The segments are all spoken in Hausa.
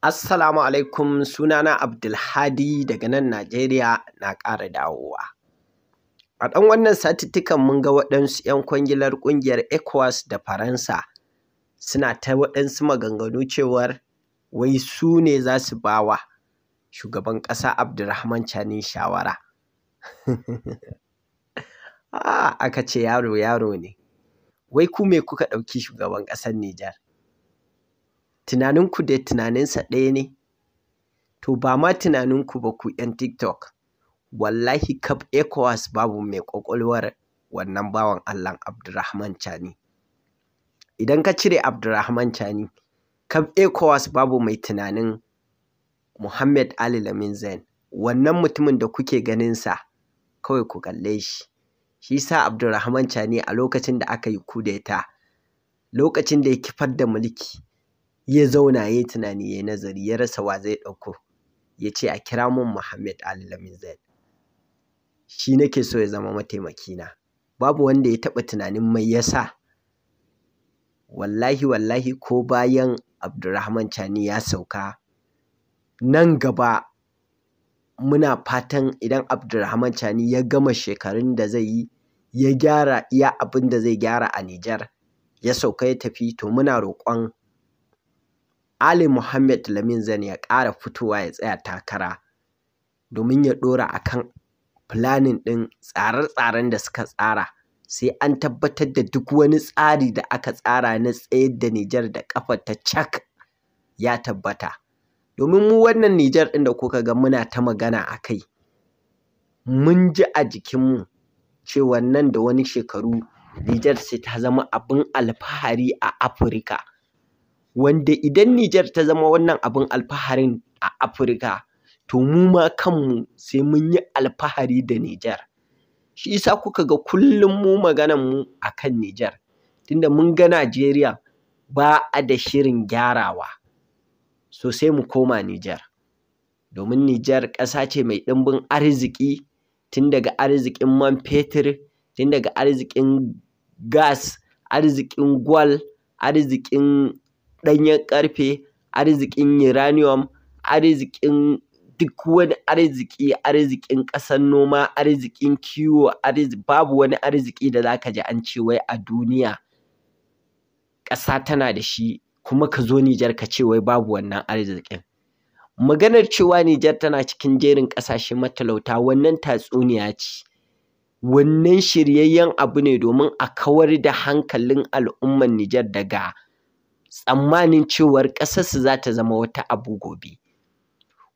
Assalamu alaikum sunana Abdulhadi daga nan Najeriya na ƙara dawowa. A ɗan wannan satittikan mun ga waɗansu 'yan kwangilar ƙungiyar ECOWAS da Faransa suna ta waɗansu maganganu cewar wai su ne za su bawa shugaban ƙasa Abdulrahman Chani shawara. Ah, aka ce yaro yaro ne. Wai ku me kuka ɗauki shugaban ƙasar Nijar? tunaninku da tunaninsa ɗaya ne to ba ma tunaninku ba ku 'yan tiktok wallahi kaf ecowas babu mai ƙwaƙwalwar wannan bawan allah abdurrahman chani idan ka cire abdurrahman chani kaf ecowas babu mai tunanin muhammad ali lamin zain wannan mutumin da kuke ganinsa kawai ku kalle shi shi sa abdurrahman chani a lokacin da aka yi kudeta lokacin da ya kifar da mulki ya zauna ya tunani ya yi nazari ya rasa wa zai ɗauko ya ce a kira mun Muhammad Ali Lamin Zaid shi nake so ya zama mataimakina babu wanda ya taɓa tunanin mai yasa wallahi wallahi ko bayan abdulrahman Chani ya sauka nan gaba muna fatan idan abdulrahman Chani ya gama shekarun da zai yi ya gyara iya abin da zai gyara a Nijar ya sauka ya tafi to muna roƙon Ali Muhammad Lamin Zan ya ƙara fitowa ya tsaya takara domin ya ɗora a kan planin ɗin tsare-tsaren da suka tsara sai an tabbatar da duk wani tsari da aka tsara na tsayar da Nijar da ƙafa ta cak ya tabbata. Domin mu wannan Nijar ɗin da kuka ga muna ta magana a kai, mun ji a jikinmu cewa nan da wani shekaru Nijar sai ta zama abin alfahari a Afirka. wanda idan Nijar ta zama wannan abin alfaharin a Afirka to mu ma kanmu sai mun yi alfahari da Nijar. Shi isa kuka ga kullum mu maganan mu a kan Nijar, tunda mun ga Najeriya ba a da shirin gyarawa, so sai mu koma Nijar. Domin Nijar ƙasa ce mai ɗimbin arziki tun daga arzikin man fetur, tun daga arzikin gas, arzikin gwal, arzikin ɗanyen ƙarfe arzikin uranium arzikin duk wani arziƙi arzikin ƙasar noma arzikin kiwo babu wani arziki da zaka ji an ce wai a duniya ƙasa tana da shi kuma ka zo Nijar ka ce wai babu wannan arzikin maganar cewa Nijar tana cikin jerin ƙasashe matalauta wannan tatsuniya ce wannan shiryayyen abu ne domin a kawar da hankalin al'ummar Nijar daga tsammanin cewar ƙasarsu za ta zama wata abu gobe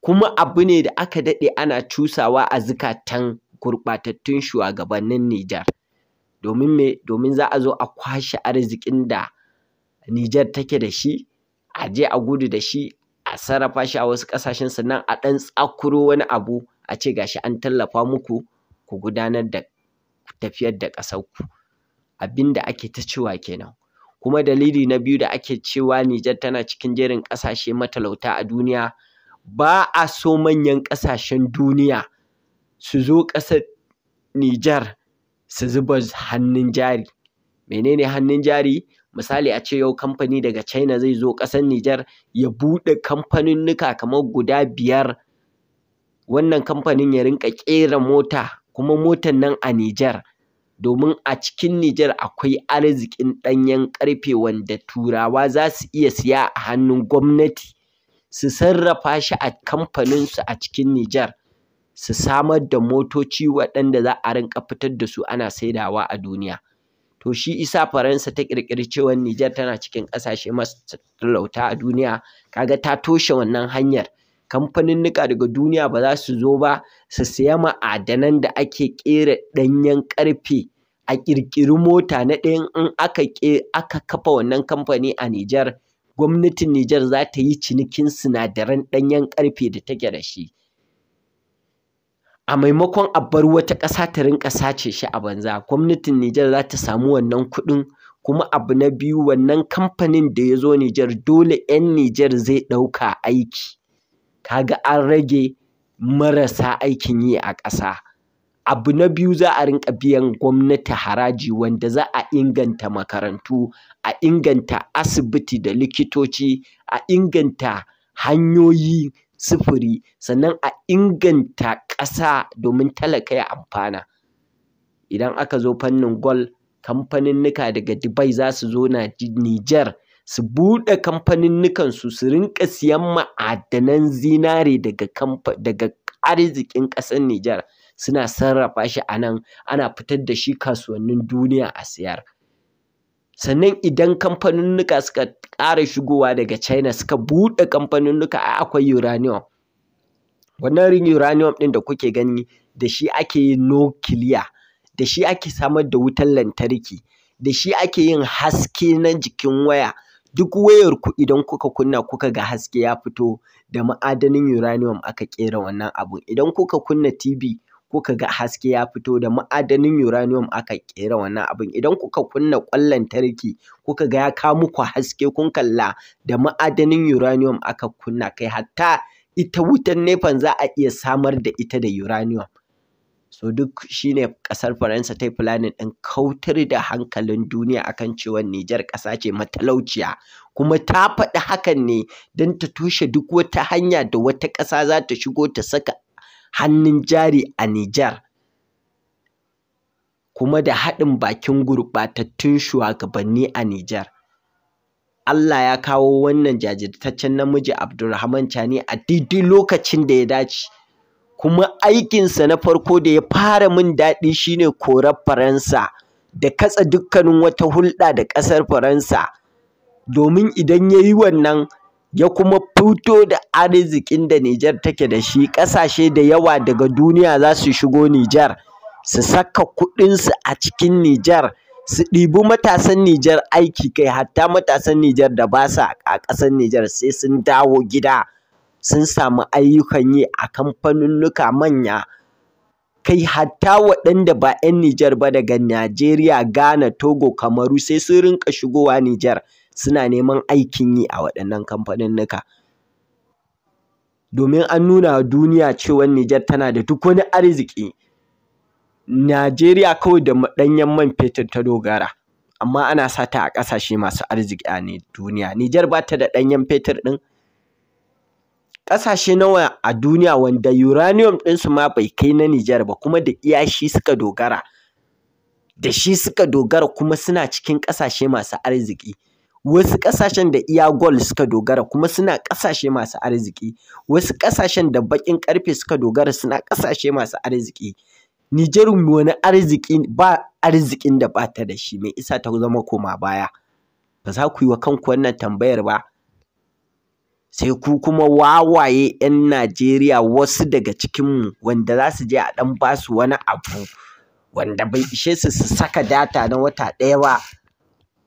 kuma abu ne da aka daɗe ana cusawa a zukatan gurɓatattun shugabannin Nijar domin me domin za a zo a kwashe arzikin da Nijar take da shi a je a gudu da shi a sarrafa shi a wasu ƙasashen sannan a ɗan tsakuro wani abu a ce gashi an tallafa muku ku gudanar da tafiyar da ƙasarku Abinda ake ta cewa kenan kuma dalili na biyu da ake cewa Nijar tana cikin jerin ƙasashe matalauta a duniya ba a so manyan ƙasashen duniya su zo ƙasar Nijar su zuba hannun jari menene hannun jari misali a ce yau kamfani daga China zai zo ƙasar Nijar ya buɗe kamfaninnuka kamar guda biyar wannan kamfanin ya rinƙa ƙera mota kuma motan nan a Nijar domin a cikin Nijar akwai arzikin ɗanyen ƙarfe wanda Turawa za su iya siya a hannun gwamnati su sarrafa shi a kamfaninsu a cikin Nijar su samar da motoci waɗanda za a rinƙa fitar da su ana saidawa a duniya. To shi isa Faransa ta ƙirƙiri cewa Nijar tana cikin ƙasashe masu talauta a duniya, kaga ta toshe wannan hanyar. kamfanin Kamfaninnika daga duniya ba za su zo ba su siya ma'adanan da ake ƙera ɗanyen ƙarfe a ƙirƙiri mota na ɗaya in aka aka kafa wannan kamfani a Nijar gwamnatin Nijar za ta yi cinikin sinadaran ɗanyen ƙarfe da take da shi a maimakon a bar wata ƙasa ta rinƙa sace shi a banza gwamnatin Nijar za ta samu wannan kuɗin kuma abu na biyu wannan kamfanin da ya zo Nijar dole 'yan Nijar zai ɗauka aiki kaga an rage marasa aikin yi a ƙasa abu na biyu za a rinka biyan gwamnati haraji wanda za a inganta makarantu a inganta asibiti da likitoci a inganta hanyoyi sufuri sannan a inganta ƙasa domin talaka ya amfana idan aka zo fannin gwal kamfaninnika daga dubai za su zo na niger su buɗe kamfaninnikansu su su rinƙa siyan ma'adanan zinare daga arzikin ƙasar niger suna sarrafa shi a nan ana fitar da shi kasuwannin duniya a siyar sannan idan kamfanunnuka suka ƙara shigowa daga china suka buɗe kamfanunnuka a akwai uranium wannan rin uranium ɗin da kuke gani da shi ake yin nukiliya da shi ake samar da wutar lantarki da shi ake yin haske na jikin waya duk wayar ku idan kuka kunna kuka ga haske ya fito da ma'adanin uranium aka ƙera wannan abun idan kuka kunna TV Kuka ga haske ya fito da ma'adanin uranium aka ƙera wannan abin idan kuka kunna ƙwan lantarki kuka ga ya kawo muku haske kun kalla da ma'adanin uranium aka kunna kai hatta ita wutan nefan za a iya samar da ita da uranium so duk shine kasar faransa ta yi planning ɗin kautar da hankalin duniya akan cewa nijar ƙasa ce matalauciya kuma ta faɗi hakan ne don ta toshe duk wata hanya da wata ƙasa za ta shigo ta saka hannun jari a Nijar kuma da haɗin bakin gurɓatattun shuwagabanni a Nijar. Allah ya kawo wannan jajirtaccen namiji Abdulrahman Chani a daidai lokacin da ya dace. Kuma aikinsa na farko da ya fara min daɗi shine korar Faransa da katse dukkanin wata hulɗa da ƙasar Faransa. Domin idan ya yi wannan ya kuma fito da arzikin da Nijar take da shi ƙasashe da yawa daga duniya za su shigo Nijar su saka kuɗinsu a cikin Nijar su ɗibi matasan Nijar aiki kai hatta matasan Nijar da ba sa a ƙasar Nijar sai sun dawo gida sun samu ayyukan yi a kamfanunnuka manya kai hatta waɗanda ba 'yan Nijar ba daga Najeriya, Ghana, Togo, Kamaru sai sun rinka shigowa Nijar. suna neman aikin yi a waɗannan kamfanin kamfaninnika. Domin an nuna wa duniya cewa Nijar tana da duk wani arziki Najeriya kawai da ɗanyen man fetur ta dogara, amma ana sa ta a ƙasashe masu arziƙi a duniya. Nijar ba ta da ɗanyen fetur ɗin. Ƙasashe nawa a duniya wanda uranium ɗinsu ma bai kai na Nijar ba kuma da iya shi suka dogara. Da shi suka dogara kuma suna cikin ƙasashe masu arziki wasu ƙasashen da iya gwal suka dogara kuma suna ƙasashe masu arziki wasu ƙasashen da baƙin ƙarfe suka dogara suna ƙasashe masu arziki Nijar wani arziki ba arzikin da ba ta da shi mai isa ta zama koma baya ba za ku yi wa kanku wannan tambayar ba sai ku kuma wawaye 'yan Najeriya wasu daga cikinmu wanda za su je a ɗan basu wani abu wanda bai ishe su su saka data na wata ɗaya ba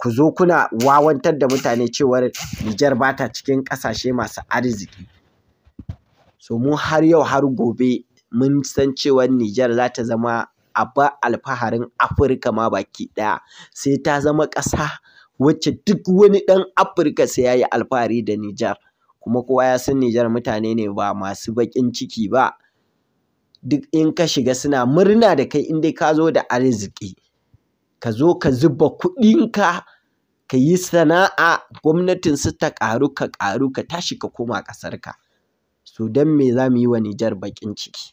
ku zo kuna wawantar da mutane cewar Nijar ba ta cikin ƙasashe masu arziki. So mu har yau har gobe mun san cewar Nijar za ta zama abba alfaharin Afirka ma baki ɗaya sai ta zama ƙasa wacce duk wani ɗan Afirka sai yayi alfahari da Nijar. Kuma kowa ya san Nijar mutane ne ba masu baƙin ciki ba. Duk in ka shiga suna murna da kai in dai ka zo da arziki. ka zo ka zuba kuɗinka ka yi sana'a gwamnatin su ta ƙaru ka ƙaru ka tashi ka koma ƙasarka so don me za mu yi wa Nijar baƙin ciki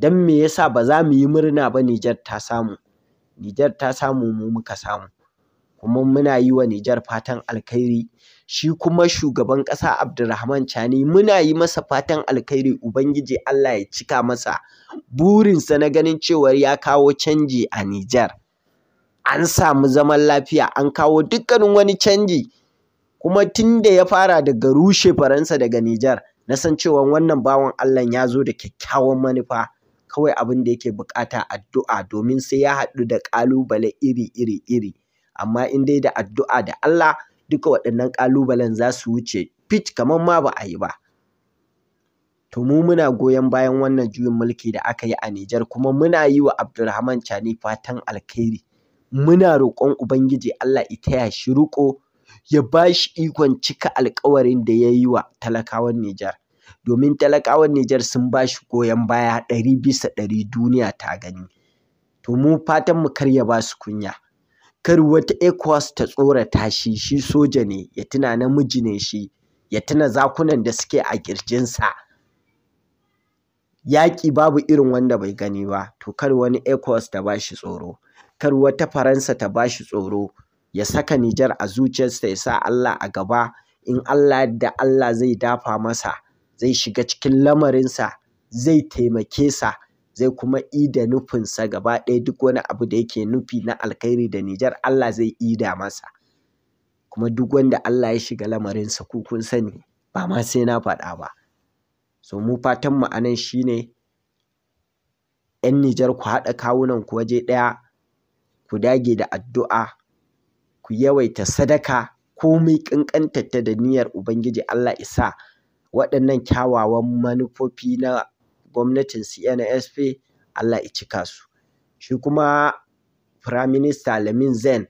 don me yasa ba za mu yi murna ba Nijar ta samu Nijar ta samu mu muka samu kuma muna yi wa Nijar fatan alkhairi shi kuma shugaban ƙasa Abdulrahman Chani muna yi masa fatan alkhairi Ubangiji Allah ya cika masa burinsa na ganin cewar ya kawo canji a Nijar. an samu zaman lafiya an kawo dukkanin wani canji kuma tun da ya fara daga rushe faransa daga nijar na san cewa wannan bawan allah ya zo da kyakkyawan manufa kawai abin da yake bukata addu'a domin sai ya haɗu da ƙalubale iri iri iri amma in dai da addu'a da allah duka waɗannan ƙalubalen za su wuce fit kamar ma ba a yi ba to mu muna goyon bayan wannan juyin mulki da aka yi a Nijar kuma muna yi wa Abdulrahman Chani fatan alkhairi muna roƙon Ubangiji Allah ya taya shi riƙo ya ba shi ikon cika alƙawarin da ya yi wa talakawan Nijar. Domin talakawan Nijar sun ba shi goyon baya ɗari bisa ɗari duniya ta gani. To mu fatan mu kar ya ba su kunya. Kar wata ECOWAS ta tsorata shi, shi soja ne, ya tuna namiji ne shi, ya tuna zakunan da suke a ƙirjinsa. Yaƙi babu irin wanda bai gani ba, to kar wani ECOWAS ta ba shi tsoro. kar wata Faransa ta ba shi tsoro ya saka Nijar a zuciyarsa ya sa Allah a gaba in Allah yadda Allah zai dafa masa zai shiga cikin lamarinsa zai taimake sa zai kuma ida nufinsa gaba ɗaya duk wani abu da yake nufi na alkhairi da Nijar Allah zai ida masa kuma duk wanda Allah ya shiga lamarinsa ku kun sani ba ma sai na faɗa ba so mu fatan mu anan shine 'yan Nijar ku haɗa kawunan ku waje ɗaya ku dage da addu'a ku yawaita sadaka komai ƙanƙantarta da niyyar ubangiji Allah sa waɗannan kyawawan manufofi na gwamnatin CNSP Allah ya cika su shi kuma firaminista Lamin Zen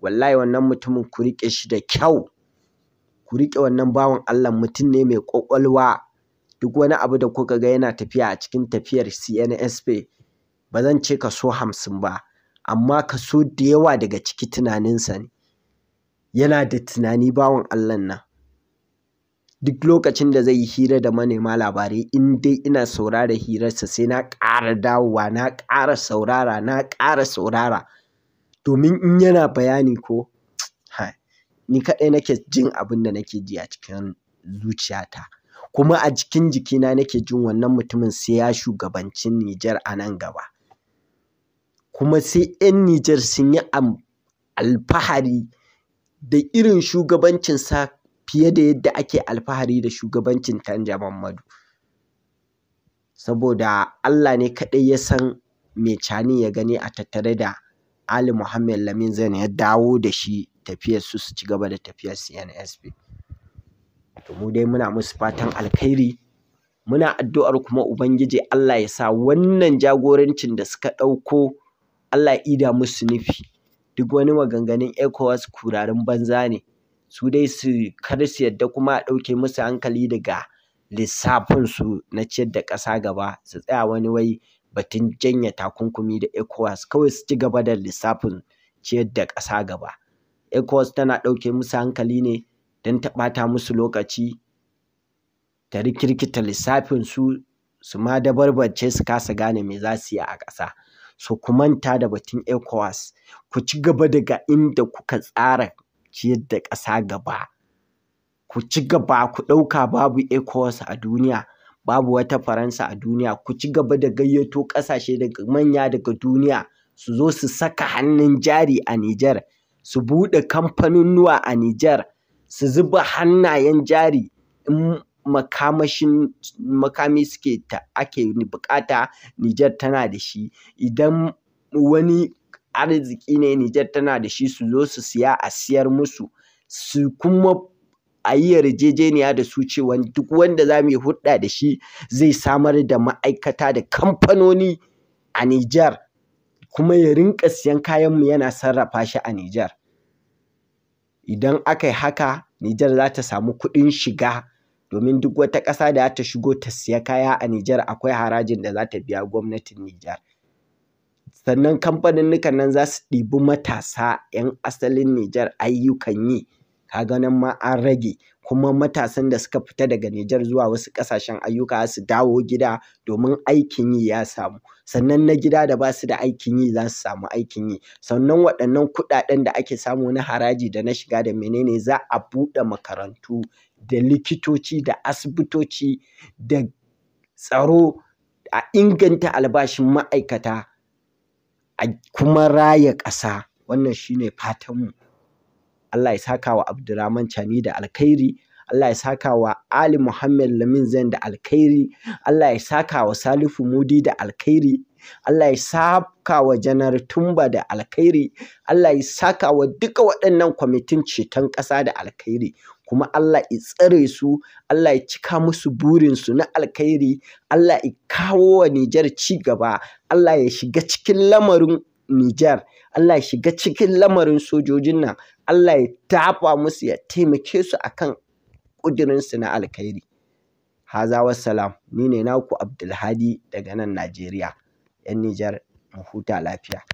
wallahi wannan mutumin ku riƙe shi da kyau ku riƙe wannan bawan Allah mutum ne mai ƙwaƙwalwa duk wani abu da kuka ga yana tafiya a cikin tafiyar CNSP ba zan ce ka so hamsin ba amma kaso da yawa daga ciki tunaninsa ne yana da tunani bawan Allahn nan duk lokacin da zai yi hira da manema labarai in dai ina saurara hirarsa sai na ƙara dawowa na ƙara saurara na ƙara saurara domin in yana bayani ko ni kaɗai nake jin abin da nake ji a cikin zuciyata kuma a cikin jikina nake jin wannan mutumin sai ya shugabancin Nijar a nan gaba kuma sai 'yan Nijar sun yi alfahari da irin shugabancinsa fiye da yadda ake alfahari da shugabancin Tanja Muhammadu. Saboda Allah ne kaɗai ya san mai Cani ya gani a tattare da Ali Muhammad Lamin Zain ya dawo da shi tafiyarsu su ci gaba da tafiyar CNSP. To mu dai muna musu fatan alkhairi, muna addu'ar kuma Ubangiji Allah ya sa wannan jagorancin da suka ɗauko Allah ya ida musu nufi duk wani maganganun ECOWAS kurarin banza ne su dai su kar su yadda kuma a ɗauke musu hankali daga lissafinsu na ciyar da ƙasa gaba su tsaya wani wai batun janye takunkumi da ECOWAS kawai su ci gaba da lissafin ciyar da ƙasa gaba ECOWAS tana ɗauke musu hankali ne don ta ɓata musu lokaci ta rikirkita lissafinsu su ma dabarbarce su kasa gane me za su yi a ƙasa so ku manta da batun ECOWAS ku ci gaba daga inda kuka tsara ciyar da ƙasa gaba ku ci gaba ku ɗauka babu ECOWAS a duniya babu wata Faransa a duniya ku ci gaba da gayyato ƙasashe daga manya daga duniya su zo su saka hannun jari a Nijar su buɗe kamfanunnuwa a Nijar su zuba hannayen jari in makamashin makami suke ta ake buƙata Nijar tana da shi idan wani arziki ne Nijar tana da shi su zo su siya a siyar musu su kuma a yi yarjejeniya da su cewa duk wanda za mu yi hulɗa da shi zai samar da ma'aikata da kamfanoni a Nijar kuma ya rinƙa siyan kayanmu yana sarrafa shi a Nijar. Idan aka yi haka Nijar za ta samu kuɗin shiga domin duk wata ƙasa da ta shigo ta siya kaya a Nijar akwai harajin da za ta biya gwamnatin Nijar. Sannan kamfanin kamfaninnikan nan za su ɗibi matasa 'yan asalin Nijar ayyukan yi, kaga nan ma an rage, kuma matasan da suka fita daga Nijar zuwa wasu ƙasashen ayyuka su dawo gida domin aikin yi ya samu. Sannan na gida da ba su da aikin yi za su samu aikin yi. Sannan waɗannan kuɗaɗen da ake samu na haraji da na shiga da menene za a buɗe makarantu da likitoci da asibitoci da tsaro a inganta albashin ma'aikata a kuma raya ƙasa wannan shine fatanmu Allah ya saka wa Abdulrahman Chani da alkhairi Allah ya saka wa Ali Muhammad Lamin Zain da alkhairi Allah ya saka wa Salifu Mudi da alkhairi Allah ya saka wa Janar Tumba da alkhairi Allah ya saka wa duka waɗannan kwamitin ceton ƙasa da alkhairi kuma Allah ya tsare su Allah ya cika musu burinsu na alkhairi Allah ya kawo wa Nijar ci gaba Allah ya shiga cikin lamarin Nijar Allah ya shiga cikin lamarin sojojin nan Allah ya tafa musu ya taimake su akan ƙudurinsu na alkhairi haza wassalam ni ne naku Abdulhadi daga nan Najeriya 'yan Nijar mu huta lafiya